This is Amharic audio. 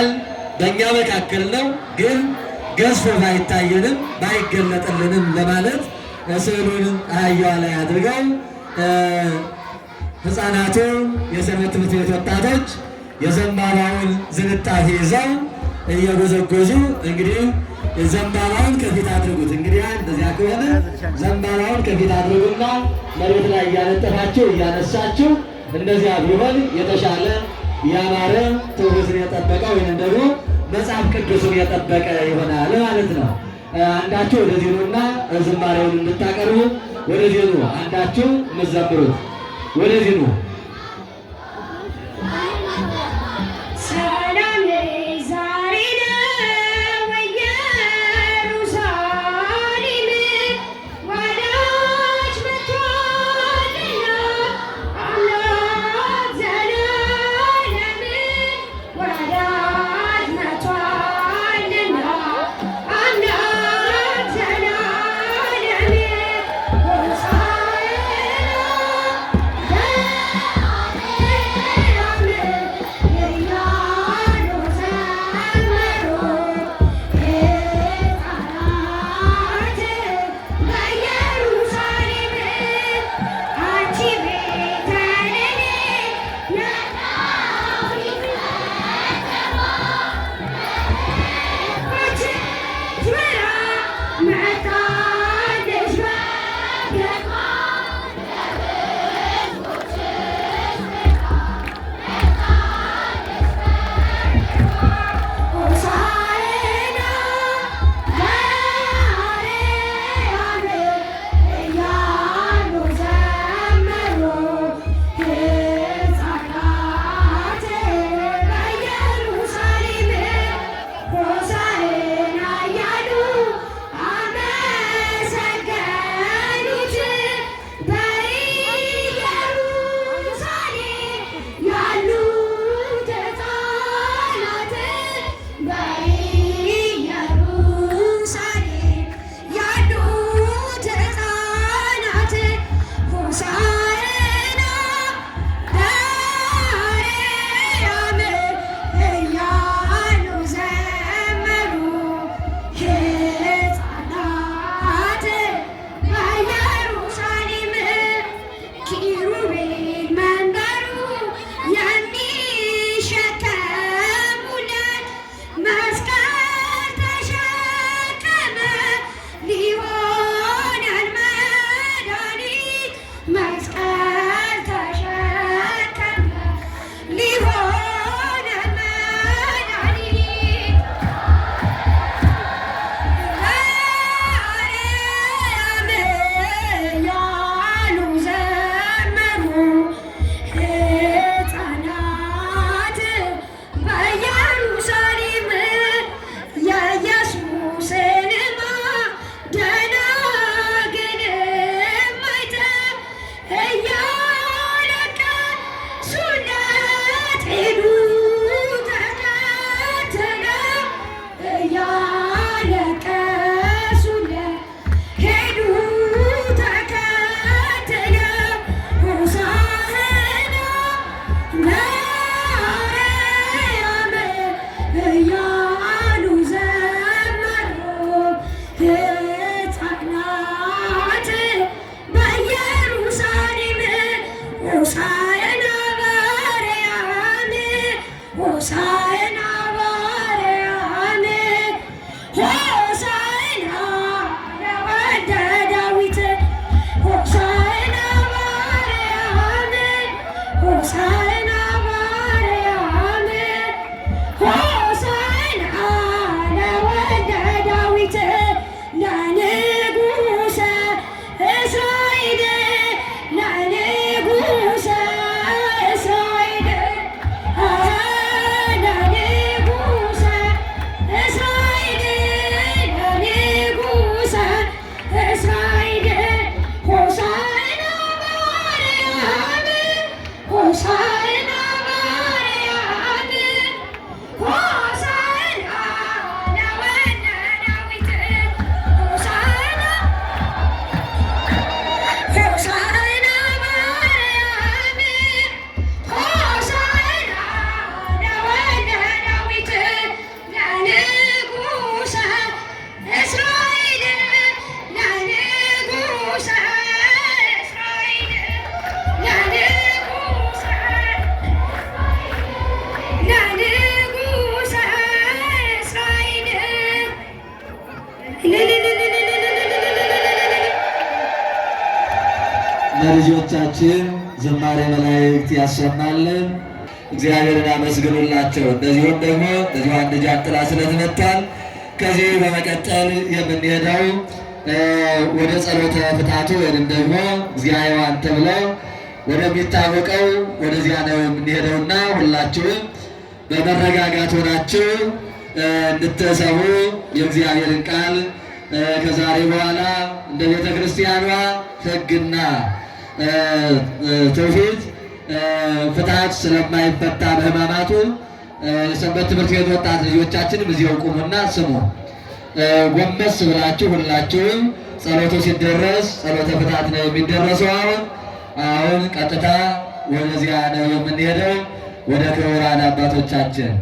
ቃል በእኛ መካከል ነው፣ ግን ገዝፎ ባይታየንም ባይገለጥልንም ለማለት ስዕሉን አህያዋ ላይ አድርገው ህፃናቱ፣ የሰንበት ትምህርት ቤት ወጣቶች የዘንባባውን ዝንጣፊ ይዘው እየጎዘጎዙ እንግዲህ ዘንባባውን ከፊት አድርጉት። እንግዲህ እንደዚያ ከሆነ ዘንባባውን ከፊት አድርጉና መሬት ላይ እያነጠፋችሁ እያነሳችሁ እንደዚያ ቢሆን የተሻለ ያማረ ትውፊቱን የጠበቀ ወይም ደግሞ መጽሐፍ ቅዱስን የጠበቀ ይሆናል ማለት ነው። አንዳችሁ ወደዚህ ኑና ዝማሬውን እንድታቀርቡ ወደዚህ ኑ። አንዳችሁ የምትዘምሩት ወደዚህ ነው። ሆሳዕና በአርያም ለልጆቻችን ዝማሬ መላእክት ያሰማልን። እግዚአብሔርን አመስግኑላቸው። እንደዚሁም ደግሞ እዚሁ አንድ ጃን ጥላ ከዚህ በመቀጠል የምንሄደው ወደ ጸሎተ ፍታቱ ወይም ደግሞ እግዚአ ሔዋን ተብለው ወደሚታወቀው ወደዚያ ነው የምንሄደውና ሁላችሁም በመረጋጋት ሆናችሁ እንድትሰሙ የእግዚአብሔርን ቃል ከዛሬ በኋላ እንደ ቤተ ክርስቲያኗ ሕግና ትውፊት ፍትሐት ስለማይፈታ በሕማማቱ ሰንበት ትምህርት ቤት ወጣት ልጆቻችንም እዚያው ቁሙና ስሙ። ጎንበስ ብላችሁ ሁላችሁም ጸሎቱ ሲደረስ ጸሎተ ፍትሐት ነው የሚደረሰው። አሁን አሁን ቀጥታ ወደዚያ ነው የምንሄደው ወደ ክቡራን አባቶቻችን